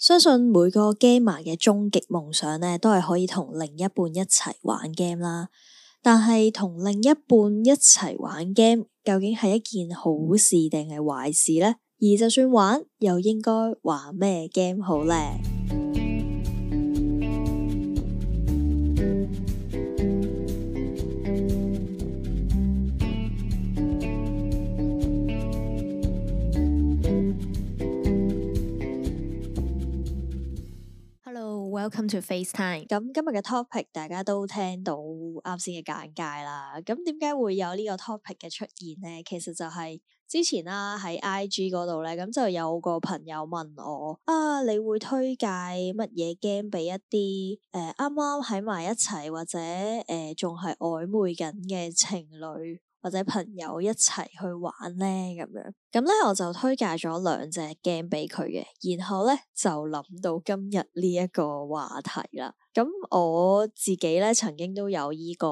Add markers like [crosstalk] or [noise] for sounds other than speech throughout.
相信每個 gamer 嘅終極夢想咧，都係可以同另一半一齊玩 game 啦。但係同另一半一齊玩 game，究竟係一件好事定係壞事咧？而就算玩，又應該玩咩 game 好咧？come to FaceTime。咁今日嘅 topic 大家都聽到啱先嘅簡介啦。咁點解會有呢個 topic 嘅出現呢？其實就係、是、之前啦，喺 IG 嗰度咧，咁就有個朋友問我啊，你會推介乜嘢 game 俾一啲誒啱啱喺埋一齊或者誒仲係曖昧緊嘅情侶，或者朋友一齊去玩咧，咁樣咁咧，我就推介咗兩隻 game 俾佢嘅，然後咧就諗到今日呢一個話題啦。咁我自己咧曾經都有呢個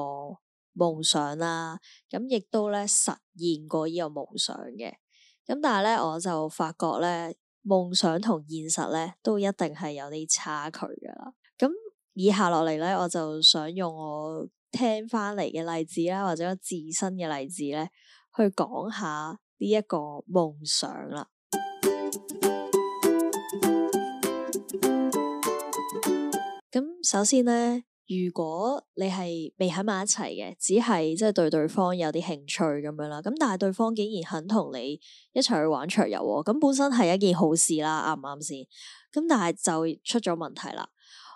夢想啦，咁亦都咧實現過呢個夢想嘅。咁但係咧我就發覺咧夢想同現實咧都一定係有啲差距噶啦。咁以下落嚟咧，我就想用我。聽翻嚟嘅例子啦，或者自身嘅例子咧，去講下呢一個夢想啦。咁 [music] 首先咧，如果你係未喺埋一齊嘅，只係即係對對方有啲興趣咁樣啦，咁但係對方竟然肯同你一齊去玩桌遊，咁本身係一件好事啦，啱唔啱先？咁但係就出咗問題啦。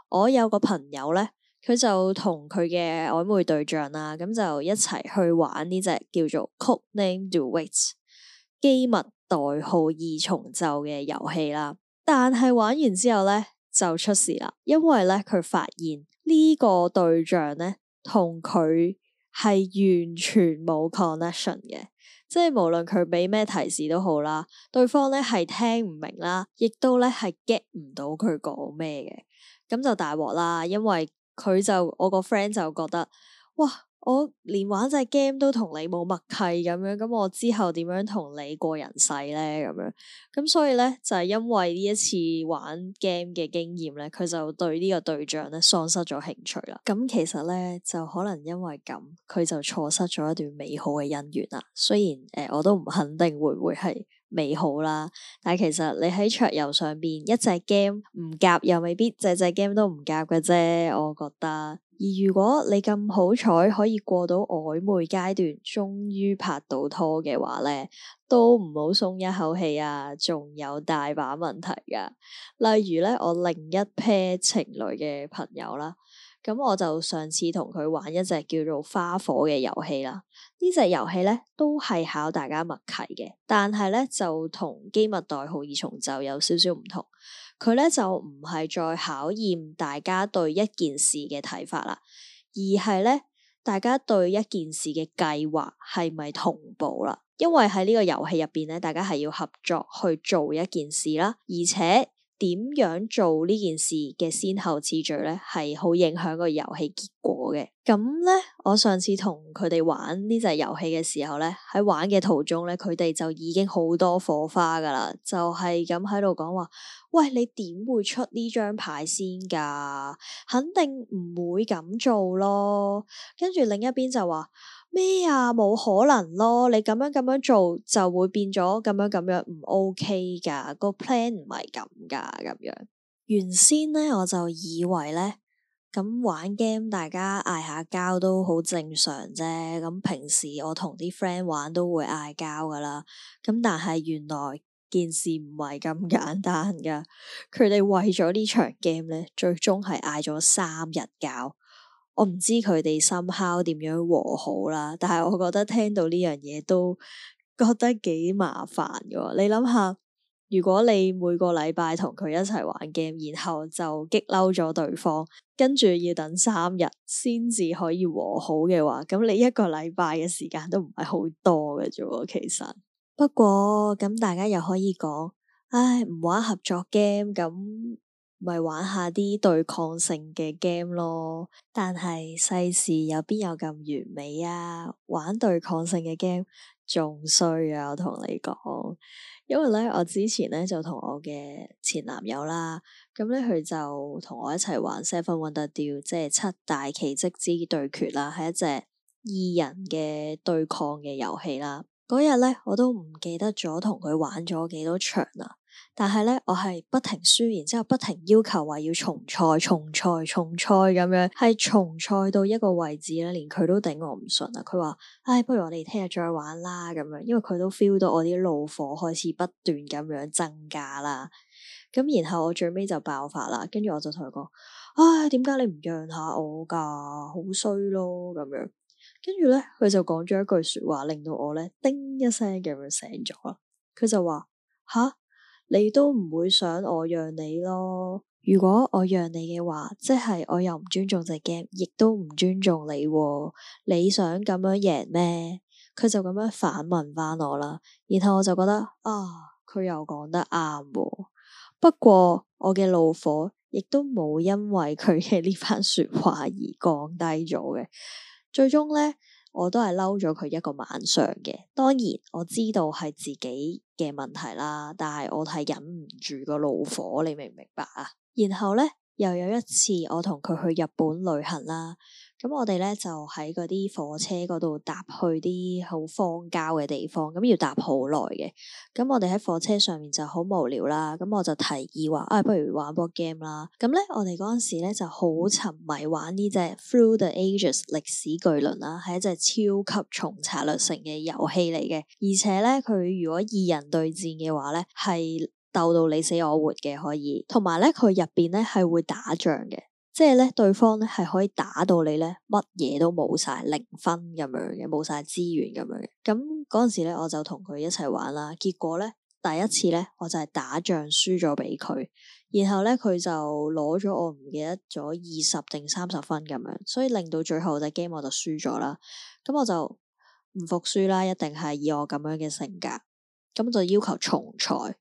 我有個朋友咧。佢就同佢嘅曖昧對象啦，咁就一齊去玩呢隻叫做 Codenames Duet 機密代號二重奏嘅遊戲啦。但係玩完之後咧，就出事啦，因為咧佢發現呢個對象咧同佢係完全冇 connection 嘅，即係無論佢俾咩提示都好啦，對方咧係聽唔明啦，亦都咧係 get 唔到佢講咩嘅，咁就大鑊啦，因為。佢就我個 friend 就覺得，哇！我連玩隻 game 都同你冇默契咁樣，咁我之後點樣同你過人世呢？咁樣，咁所以呢，就係因為呢一次玩 game 嘅經驗呢，佢就對呢個對象呢喪失咗興趣啦。咁其實呢，就可能因為咁，佢就錯失咗一段美好嘅姻緣啦。雖然誒、呃，我都唔肯定會唔會係。美好啦，但係其實你喺桌遊上邊一隻 game 唔夾又未必，隻隻 game 都唔夾嘅啫。我覺得，而如果你咁好彩可以過到曖昧階段，終於拍到拖嘅話呢，都唔好鬆一口氣啊！仲有大把問題噶，例如呢，我另一 pair 情侶嘅朋友啦。咁我就上次同佢玩一隻叫做花火嘅遊戲啦，呢隻遊戲咧都係考大家默契嘅，但係咧就同機密代號二重奏有少少唔同，佢咧就唔係再考驗大家對一件事嘅睇法啦，而係咧大家對一件事嘅計劃係咪同步啦？因為喺呢個遊戲入邊咧，大家係要合作去做一件事啦，而且。點樣做呢件事嘅先後次序呢係好影響個遊戲結果嘅。咁呢，我上次同佢哋玩呢隻遊戲嘅時候呢，喺玩嘅途中呢，佢哋就已經好多火花噶啦，就係咁喺度講話：喂，你點會出呢張牌先噶？肯定唔會咁做咯。跟住另一邊就話。咩啊，冇可能咯！你咁樣咁樣做就會變咗咁樣咁樣唔 OK 噶個 plan 唔係咁噶，咁樣。原先呢，我就以為呢咁玩 game 大家嗌下交都好正常啫。咁平時我同啲 friend 玩都會嗌交噶啦。咁但係原來件事唔係咁簡單噶，佢哋為咗呢場 game 呢，最終係嗌咗三日交。我唔知佢哋心敲點樣和好啦，但係我覺得聽到呢樣嘢，都覺得幾麻煩噶。你諗下，如果你每個禮拜同佢一齊玩 game，然後就激嬲咗對方，跟住要等三日先至可以和好嘅話，咁你一個禮拜嘅時間都唔係好多嘅啫。其實，不過咁大家又可以講，唉，唔玩合作 game 咁。咪玩下啲對抗性嘅 game 咯，但係世事有邊有咁完美啊？玩對抗性嘅 game 仲衰啊！我同你講，因為咧我之前咧就同我嘅前男友啦，咁咧佢就同我一齊玩 Seven Wonders Duel，即係七大奇跡之對決啦，係一隻二人嘅對抗嘅遊戲啦。嗰日咧我都唔記得咗同佢玩咗幾多場啦，啊。但係咧，我係不停輸，然之後不停要求話要重賽、重賽、重賽咁樣，係重賽到一個位置咧，連佢都頂我唔順啦。佢話：唉、哎，不如我哋聽日再玩啦咁樣，因為佢都 feel 到我啲怒火開始不斷咁樣增加啦。咁然後我最尾就爆發啦，跟住我就同佢講：唉、哎，點解你唔讓下我㗎？好衰咯咁樣。跟住咧，佢就講咗一句說話，令到我咧叮一聲咁樣醒咗啦。佢就話：吓！你都唔會想我讓你咯？如果我讓你嘅話，即係我又唔尊重隻 game，亦都唔尊重你喎。你想咁樣贏咩？佢就咁樣反問翻我啦。然後我就覺得啊，佢又講得啱喎。不過我嘅怒火亦都冇因為佢嘅呢番說話而降低咗嘅。最終呢，我都係嬲咗佢一個晚上嘅。當然我知道係自己。嘅問題啦，但係我係忍唔住個怒火，你明唔明白啊？然後咧，又有一次我同佢去日本旅行啦。咁我哋咧就喺嗰啲火車嗰度搭去啲好荒郊嘅地方，咁要搭好耐嘅。咁我哋喺火車上面就好無聊啦，咁我就提議話，啊、哎、不如玩一波 game 啦。咁咧我哋嗰陣時咧就好沉迷玩呢隻 Through the Ages 歷史巨輪啦，係一隻超級重策略性嘅遊戲嚟嘅，而且咧佢如果二人對戰嘅話咧，係鬥到你死我活嘅，可以。同埋咧佢入邊咧係會打仗嘅。即係咧，對方咧係可以打到你咧乜嘢都冇晒，零分咁樣嘅，冇晒資源咁樣嘅。咁嗰陣時咧，我就同佢一齊玩啦。結果咧，第一次咧，我就係打仗輸咗俾佢，然後咧佢就攞咗我唔記得咗二十定三十分咁樣，所以令到最後隻 game 我就輸咗啦。咁我就唔服輸啦，一定係以我咁樣嘅性格，咁就要求重賽，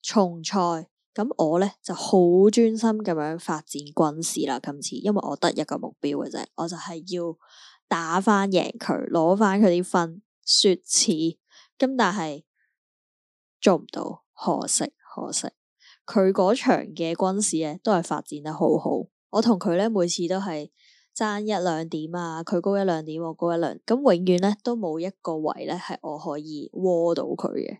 重賽。咁我咧就好專心咁樣發展軍事啦，今次因為我得一個目標嘅啫，我就係要打翻贏佢，攞翻佢啲分，雪恥。咁但係做唔到，可惜可惜。佢嗰場嘅軍事咧都係發展得好好，我同佢咧每次都係爭一兩點啊，佢高一兩點，我高一兩，咁永遠咧都冇一個位咧係我可以窩到佢嘅。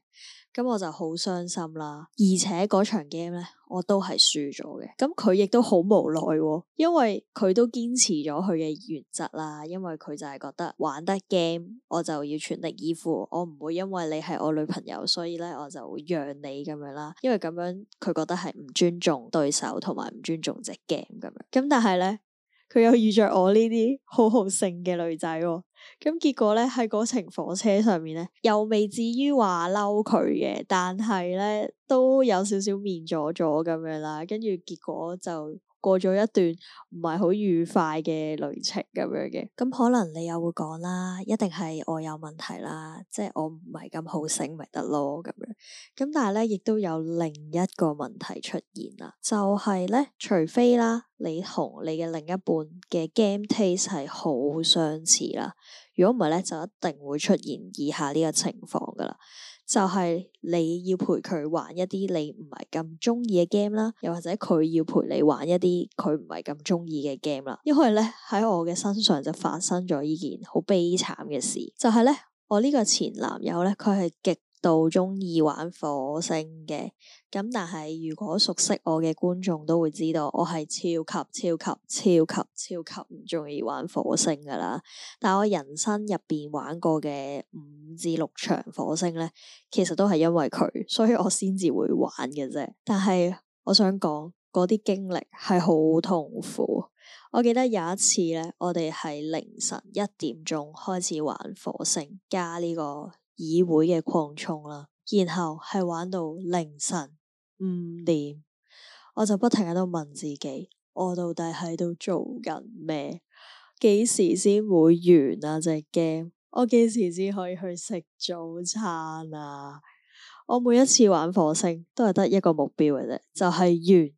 咁我就好傷心啦，而且嗰場 game 咧，我都係輸咗嘅。咁佢亦都好無奈、哦，因為佢都堅持咗佢嘅原則啦。因為佢就係覺得玩得 game，我就要全力以赴，我唔會因為你係我女朋友，所以咧我就會讓你咁樣啦。因為咁樣佢覺得係唔尊重對手，同埋唔尊重隻 game 咁樣。咁但係咧，佢又遇着我呢啲好好勝嘅女仔，哦。咁結果咧，喺嗰程火車上面咧，又未至於話嬲佢嘅，但係咧都有少少面阻阻咁樣啦。跟住結果就過咗一段唔係好愉快嘅旅程咁樣嘅。咁可能你又會講啦，一定係我有問題啦，即係我唔係咁好醒，咪得咯咁樣。咁但係咧，亦都有另一個問題出現啦，就係、是、咧，除非啦，你同你嘅另一半嘅 game taste 係好相似啦。如果唔係咧，就一定會出現以下呢個情況噶啦，就係、是、你要陪佢玩一啲你唔係咁中意嘅 game 啦，又或者佢要陪你玩一啲佢唔係咁中意嘅 game 啦。因為咧喺我嘅身上就發生咗呢件好悲慘嘅事，就係、是、咧我呢個前男友咧，佢係極。到中意玩火星嘅，咁但係如果熟悉我嘅觀眾都會知道，我係超級超級超級超級唔中意玩火星噶啦。但係我人生入邊玩過嘅五至六場火星呢，其實都係因為佢，所以我先至會玩嘅啫。但係我想講嗰啲經歷係好痛苦。我記得有一次呢，我哋係凌晨一點鐘開始玩火星加呢個。議會嘅狂衝啦，然後係玩到凌晨五點，我就不停喺度問自己：我到底喺度做緊咩？幾時先會完啊隻 game？我幾時先可以去食早餐啊？我每一次玩火星都係得一個目標嘅啫，就係完。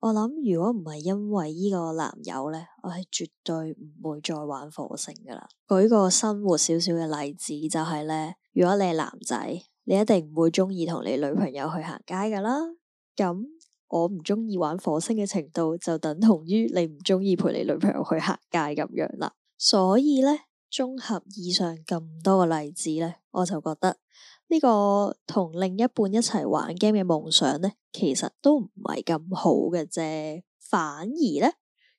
我諗如果唔係因為呢個男友呢，我係絕對唔會再玩火星噶啦。舉個生活少少嘅例子就係呢：如果你係男仔，你一定唔會中意同你女朋友去行街噶啦。咁我唔中意玩火星嘅程度，就等同於你唔中意陪你女朋友去行街咁樣啦。所以呢，綜合以上咁多個例子呢，我就覺得。呢個同另一半一齊玩 game 嘅夢想咧，其實都唔係咁好嘅啫。反而咧，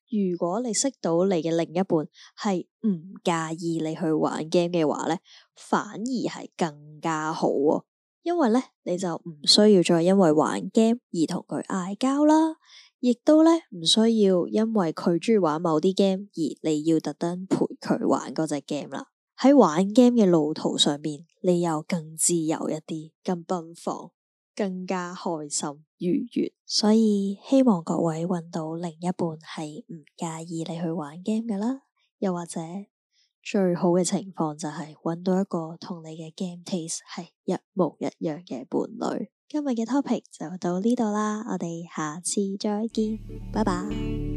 如果你識到你嘅另一半係唔介意你去玩 game 嘅話咧，反而係更加好啊。因為咧，你就唔需要再因為玩 game 而同佢嗌交啦，亦都咧唔需要因為佢中意玩某啲 game 而你要特登陪佢玩嗰隻 game 啦。喺玩 game 嘅路途上面，你又更自由一啲，更奔放，更加開心愉悅。所以希望各位搵到另一半係唔介意你去玩 game 噶啦，又或者最好嘅情況就係搵到一個同你嘅 game taste 係一模一樣嘅伴侶。今日嘅 topic 就到呢度啦，我哋下次再見，拜拜。